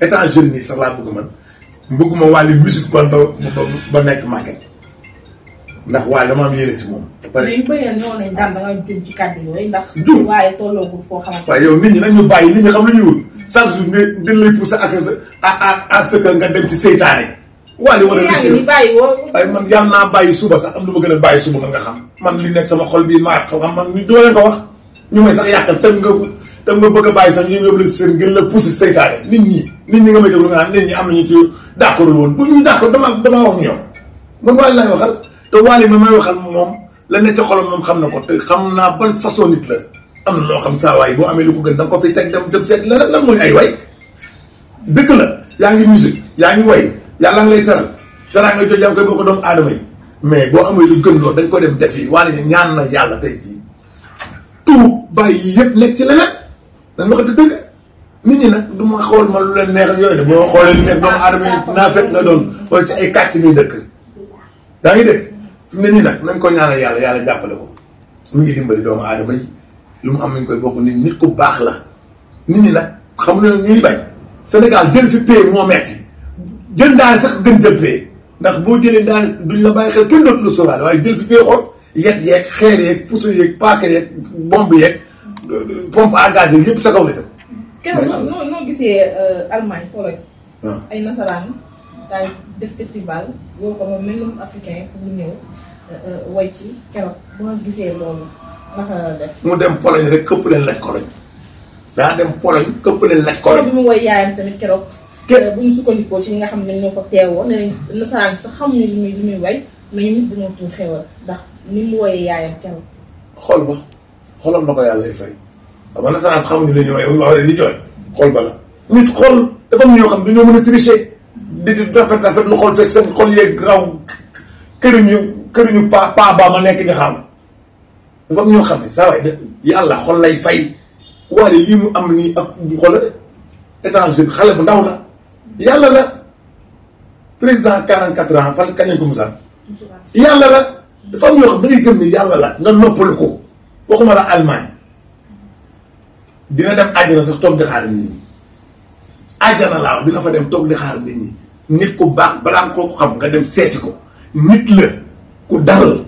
étant jeune nii sax laa bëgg man bëgguma Wally musique ba ba ba nekk màgget ndax waaye dama am yéene ci moom. pare mais yu bëri na ñëw nañ daan da nga jum ci waaye tolloo foo xamante yow nit ñi nag ñu bàyyi nit ñi xam lu ñu wut chaque jour nga dañ lay poussé ak a à à ce que nga dem ci seytaane. Wally war a liggéey waaye man yàlla naa bàyyi suba sax am lu ma gën a bàyyi suba man nga xam. man li nekk sama xol bi maa xam man ñu doole ko wax ñu may sax yàqal tënk nga tam bëgg bàyyi sax ñu yóbbu la seen gën la pousser seytaane nit ñi nit ñi nit ñi am nañu ci d'accord woon bu ñu d'accord dama dama wax ñoom man Wally laay waxal ma may waxal moom la ne moom xam na ko te xam naa ban nit am loo xam saa waay boo amee lu ko gën da nga ko fi teg dem dem seet la lan mooy ay way dëgg la yaa ngi musique yaa ngi way yàlla nga lay teral nga jot yaa ngi koy ko mais boo amee lu gën loolu dañ ko dem def yi Wally ñaan na yàlla tey jii tout yi yëpp nekk ci leneen dañ waxante dëgg nit ñi nag du ma xool ma lu leen neex yooyu de boo xoolee lu nekk doomu aadama yi ah, naa ah, fekk nga doon xool ci ay kàcc ngay dëkk yaa ngi dégg nit ñi nañ ko ñaanal yàlla yàlla jàppale ko mu ngi dimbali doomu aadama yi lu mu am nañ koy bokk nit nit ku baax la nit ñi nag xam ne ñuy bañ Sénégal jël fi pay moo metti jël daal sax gën jël pay ndax boo jëlee daal duñ la bàyyi xel kenn dootu la waaye jël fi pay xool yet yeeg xeer yeeg puso yeeg paaka yeeg bomb yeeg pompe à gaz yi yëpp sa kaw la jëm. keroog noo noo gisee euh, Allemagne Pologne. Ah. ay nasaraan daal def festival woo ko mu ñëw euh, euh, way ci keroog bu nga gisee loolu naka la def. mu dem Pologne rek këpp leen laj Cologne daa dem Pologne këpp leen laj Cologne. keroog bi mu woy yaayam tamit keroog. te bu ñu sukkandikoo ci ñi nga xam ne ñoo ko teewoo nee nañ nasaraan sax xamuñu lu muy lu muy way mais ñun dañoo tuur xewal ndax ni mu woyee yaayam keroog. xool ba. xolam na ko yàlla lay fay xam nga nasaraan xamuñu ne ñooy waaw rek li jooy xol ba la nit xol dafa am ñoo xam dañoo mën a tricher di di rafet rafet lu xol fekk seen xol yeeg raw këriñu këriñu pa pa ma nekk xam dafa am ñoo xam ne saa waay de yàlla xol lay fay waaye lii mu am nii ak bu xoola xale bu ndaw la yàlla la président 44 ans fan kañ ko Moussa yàlla la dafa am ñoo xam da ngay gëm ne yàlla la nga noppalu ko. waxuma la Allemagne dina def àjjana sax toog di xaar nit ñi àjjana laa dina fa dem toog di xaar nit ñi nit ku baax balaa koo ko xam nga dem seeti ko nit la ku dal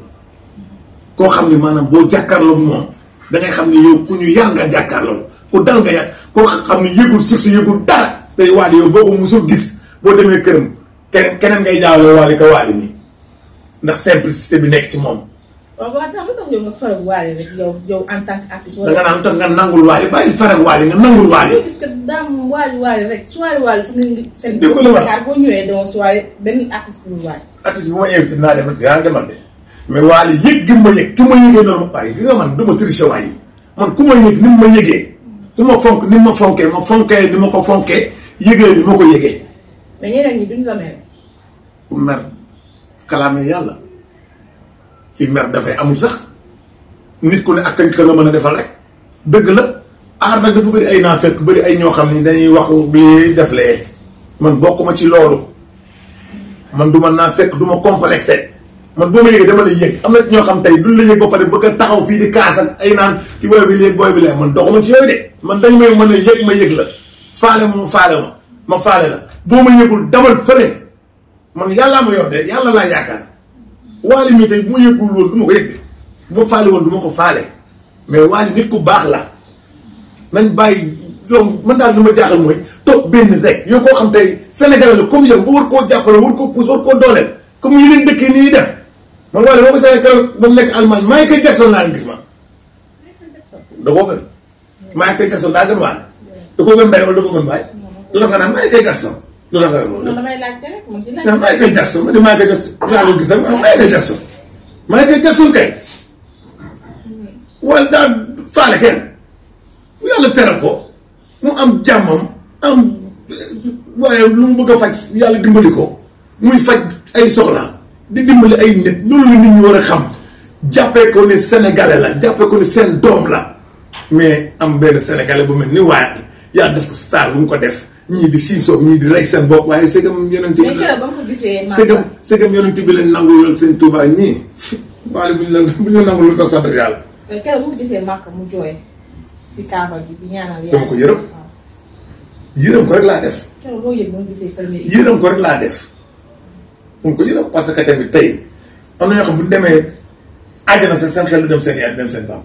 koo xam ni maanaam boo jàkkaarloog moom dangay xam ne yow ku ñu yar nga jàkkaarloog ku dal nga yar koo xam ne yëgul succès yëgul dara tey waali yow boo ko musul gis boo demee këram keneen keneen ngay jaawale waali ko waali nii ndax simplicité bi nekk ci moom. waaw waaw tax yow nga faral Wally rek yow yow tant que artiste. da nga naan tax nga nangul Wally bàyyi faral Wally nga nangul Wally. parce que daam dama soirée benn artiste bu Wally. artiste bi ma invité naa demal de mais Wally yëg gi ma yëg ki ma yëgee noonu waaye gi nga man du ma triché waay man ku ma yëg ni ma yëgee. du ma fonk ni ma fonkee fonkee ni ma ko fonkee yëgee ni ma ko yëgee. mais ñeneen ñi duñ la mere. ku mer kalaamee yàlla. fi mer dafay amul sax nit ku ne ak kañ ka nga mën a defal rek dëgg la aar nag dafa bëri ay naa fekk bëri ay ñoo xam ni dañuy wax lii def lee man ma ci loolu man du man naa fekk du ma complexé man boo ma yëgee dama am na ñoo xam tey duñ la yëg ba pare bëgg taxaw fii di kaas ak naan ci booy bi léeg booy bi léeg man doxuma man dañ may mën a ma yéeg la faale ma faale ma ma faale la boo ma yëgul demal fële man yàllaa ma yor de yàlla laa yaakaar waali mi tey bu ma yëgul woon du ma ko yëg bu ma faale woon du ma ko faale mais waali nit ku baax la nañ bàyyi donc man daal li ma jaaxal mooy topp benn rek yow koo xam tey Sénégal la comme yow nga war koo jàppale war koo pousse war koo dooleel comme yeneen dëkk yi nii def man waali boo ko Sénégal ba mu nekk gis ma da koo gën Michael Jackson daa nga naan Michael Jackson loolu la nga wax noonu. damay laajte rek mu ngi laajte. Michael Jackson man de Michael Jackson daa doon gis rek ko mu am jàmmam am waaye lu mu bëgg a faj yàlla dimbali ko muy faj ay soxla di dimbali ay nit loolu la nit ñi war a xam jàppee ko ni sénégalais la jàppee ko ni seen doom la mais am benn sénégalais bu mel ni waaye yàlla def ko star bu mu ko def. ñii di siisoo ñii di rey seen bopp waaye sëgam yonent bi la sëgam sëgam yonent bi leen seen Tuubaa ñii waale buñ la buñ bu gisee Màkka mu jooy ci Kaaba gi di yàlla. dama ko yërëm yërëm ko rek laa def. keroog ko laa def mu yërëm parce que tamit tey am na ñoo xam bu ñu demee àjjana seen seen xel du dem seen yaay dem seen baax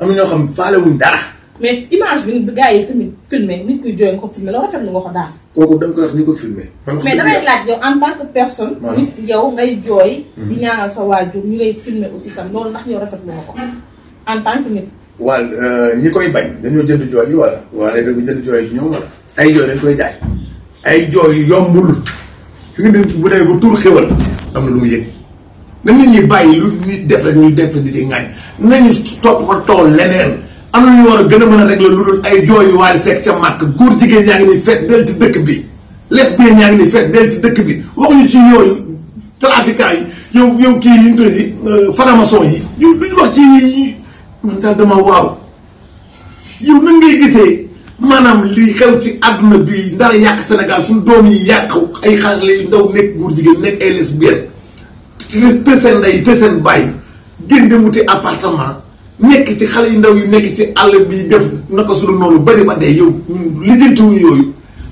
am na ñoo xam faale wuñ dara. mais image bi gars yi tamit filmé nit kuy jooy nga ko filmé loolu rafetlu nga ko daal. kooku da nga koy wax ni ko filmé. mais damay laaj yow en tant que personne. nit yow ngay jooy. Hmm. di ñaanal sa waajur ñu lay filmé aussi tam loolu ndax yow rafetlu nga ko en tant que nit. waaw euh, ñi koy bañ dañoo jënd jooy yi wala. waaw léegi bu jënd jooy yi ñëw wala. ay jooy dañ koy jaay. ay jooy yombul. fi nga bu dee ba tuur xéwal am na lu mu yëg. na nit ñi bàyyi lu ñuy def rek ñuy def di ci ŋaañ nañu topp ba tool leneen. am na ñu war a gën a mën a régler lu dul ay jooyu Wally Seck ca màkk góor jigéen ñaa ngi nii fekk del ci dëkk bi lesbien ñaa ngi nii fekk del ci dëkk bi waxuñu ci yooyu trafiquants yi yow yow kii yi ñu tuddi euh, faramaçon yi yow duñu wax ci yi man ngay gisee maanaam li xew ci àdduna bi ndara yàq Sénégal suñu doom yi yàq ay xale yu ndaw nekk góor jigéen nekk ay lesbien te seen ay te seen bàyyi génn dem wuti apartement nekk ci xale yu ndaw yi nekk ci àll bi def naka su dul noonu bari ba dee yow lijjantiwuñu yooyu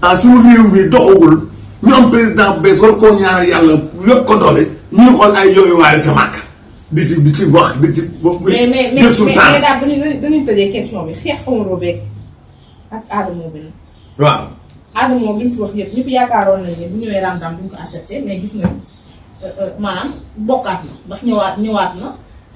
ah suñu réew mi doxagul ñu am président bu bees war koo ñaar yàlla yokk ko doole ñuy xool ay yooyu waayu ca màkk di ci di ci wax di ci. mais mais mais daal dañuy bi xeex Omaro Beeg ak Adamo bi wax ñëpp yaakaaroon nañu bu ñëwee ko accepté mais gis nañu euh, euh, bokkaat na ndax ñëwaat ñëwaat na.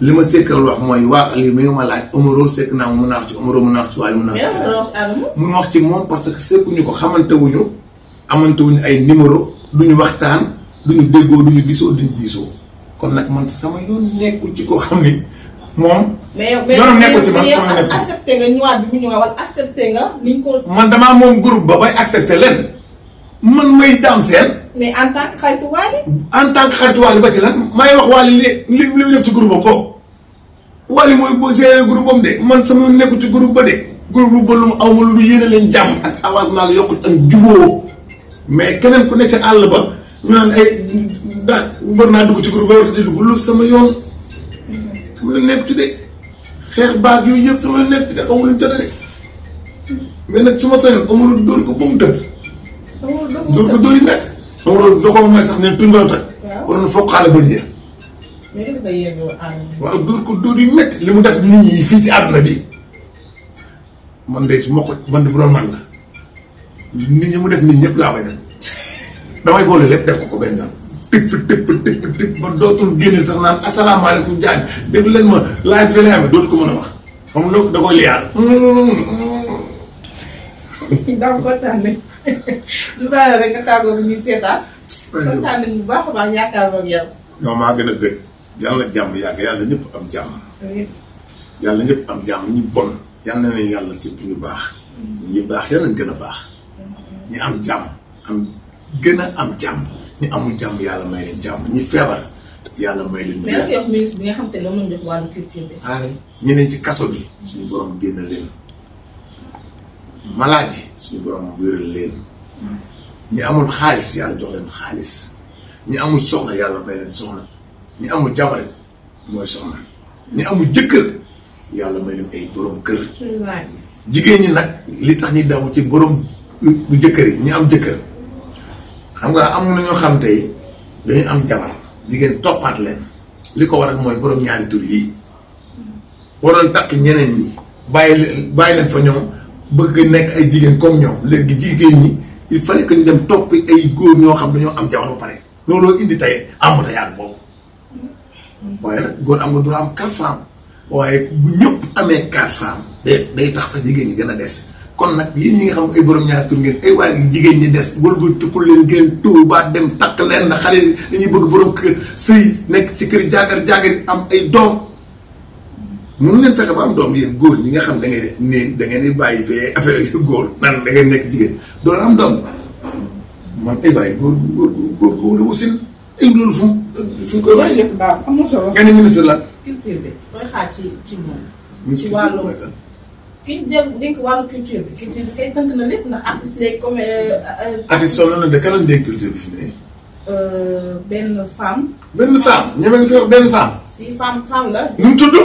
li ma sekkal wax mooy waa li mi ngi ma laaj Omaro sekk naa mun naa wax ci Omaro mun naa wax ci waaye mun naa wax ci moom parce que sekkuñu ko xamantewuñu amantewuñu ay numéro duñu waxtaan duñu déggoo duñu gisoo duñu diisoo kon nag man sama yoon nekkul ci ko xam ni moom yoonu nekkul ci man sama nekkul accepté nga ñëwaat ko man damaa moom groupe ba bay accepté leen man may daam seen. mais en tant que xaritu Wally. en tant que xaritu ba ci lan may wax Wally li li li mu nekk ci groupe am boobu Wally mooy boo gérer group am de man sama nekku ci groupe ba de groupe ba lu mu aw ma lu yéene leen jàmm ak avancement ak yokkut ak jubóo mais keneen ku nekk ci àll ba mu naan ay ndax mbër naa dugg ci groupe ba warut sama yoon sama yoon nekk ci de xeex baag yooyu yëpp sama yoon nekk ci de amuñu jot a de mais nag su ma sañoon amul ko ba mu tëdd. dóor ko dóor yi nekk. da nga doon da koo may sax ne tuñ la toj. waaw waroon foog xaale ba jeex. waaw dóor ko dóor yu métti li mu def nit ñi fii ci àdduna bi man de su ma ko man de bu doon man la nit ñi mu def nit ñëpp laa koy def damay boole lépp def ko ko benn yoon tëpp tëpp tëpp tëpp ba dootul génneel sax naan asalaamaaleykum jaan dégg leen ma laaj fi lay amee dootu ko mën a wax xam nga da koy liyaal. daa ko tànn. lu baax na rek nga tàggoo ñuy seetaan. kontaan nañu bu baax a baax yaakaar naa yow. non maa gën a bëgg yàlla jàmm yàgg yàlla ñëpp yàlla ñëpp am jàmm ñu bon yàlla na leen yàlla sëpp ñu baax. ñu baax yàlla gën a baax. ñu am jàmm am gën a am jàmm ñu amul jàmm yàlla may leen jàmm ñu feebar. yàlla may leen. mais bi nga xam te ne moom la ñu def wàllu ci kaso bi. suñu borom génn leen. malade yi suñu borom wéral leen ñi amul xaalis yàlla jox leen xaalis ñi amul soxna yàlla may leen soxna ñi amul jabar mooy soxna ñi amul jëkkër yàlla may ay borom kër jigéen ñi nag li tax ñuy daw ci borom bu jëkkër yi ñi am jëkkër xam nga amul na ñoo xam tey dañu am jabar jigéen toppaat leen li ko war waral mooy borom ñaari tur yi waroon takk ñeneen ñi bàyyi leen fa ñoom bëgg nekk ay jigéen comme ñoom léegi jigéen ñi il fallait que ñu dem topp ay góor ñoo xam dañoo am jamono ba pare looloo indi tey embouteillage boobu waaye nag góor am nga droit am quatre femmes waaye bu ñëpp amee quatre femmes day day tax sa jigéen ñi gën a des kon nag yéen ñi nga xam ay borom ñaari tur ngeen ay waaye jigéen ñi des wëlbu tukkul leen ngeen tuur baat dem takk leen na xale dañuy bëgg borom kër sëy nekk ci kër jaagar jaagar am ay doom. mënu leen fexe ba am doom yéen góor ñi nga xam da ngeen ni da ngeen di bàyyi fee affaire yu góor naan da nekk jigéen doon am doom man ay bàyyi góor góor góor góor la wasin ay loolu fu fu koy waxee. am solo. nga la. culture bi koy xaar ci ci moom. dénk wàllu culture bi. bi kay tënk na lépp ndax artiste lay comme. Euh, euh, artiste solo na de kanam dégg culture bi fi mu ne. Euh, benn femme. benn femme ñeme nga fi benn femme. si femme femme la. nu tudd.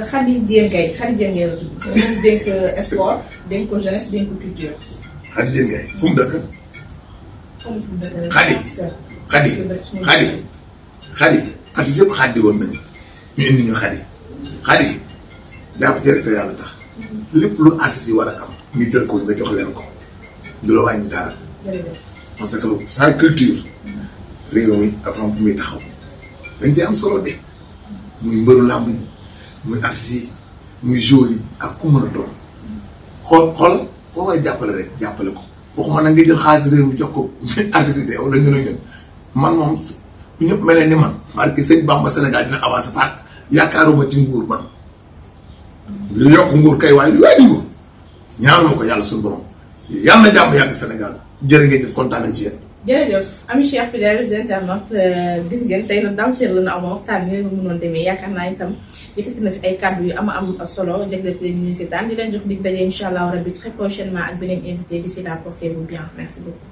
Khady Dieng Gaye Khady Dieng Gaye la tudd. moom dénk euh, sport dénk ko jeunesse fu mu dëkk. Khady Khady Khady Khady at yëpp Khady woon nañ ñu indi ñu Khady Khady jàpp ci rek te yàlla tax mhm. lépp lu artiste yi war a am ñu jël ko nga jox leen ko du la wàññi dara parce que sans culture réew mi dafa am fu muy taxaw dañ ci am solo de muy mbëru làmb muy arsi muy jori ak ku mën a doon xool xool koo koy jàppale jàppale ko waxuma nag nga jël xaalis réew mu jox ko artiste de wala ngën a ngën man moom bu ñëpp mel ni man barki sëñ Bamba Sénégal dina avancé paak yaakaaruma ci nguur man lu yokk nguur kay waaye lu wàññi nguur ñaanuma ko yàlla suñu borom yàlla na jàmm yàgg Sénégal jërë ngeen jëf kontaan nañ ci yéen jërëjëf ami chers fidèles internautes euh, gis ngeen tey nag daaw seer la na amoon waxtaan bi mu mënoon demee yaakaar naa itam yëkkati na fi ay kàddu yu am am solo jagleel leen ñu seetaan di leen jox dig daje incha allah rabi très prochainement ak beneen invité si là portez-vous bien merci beaucoup.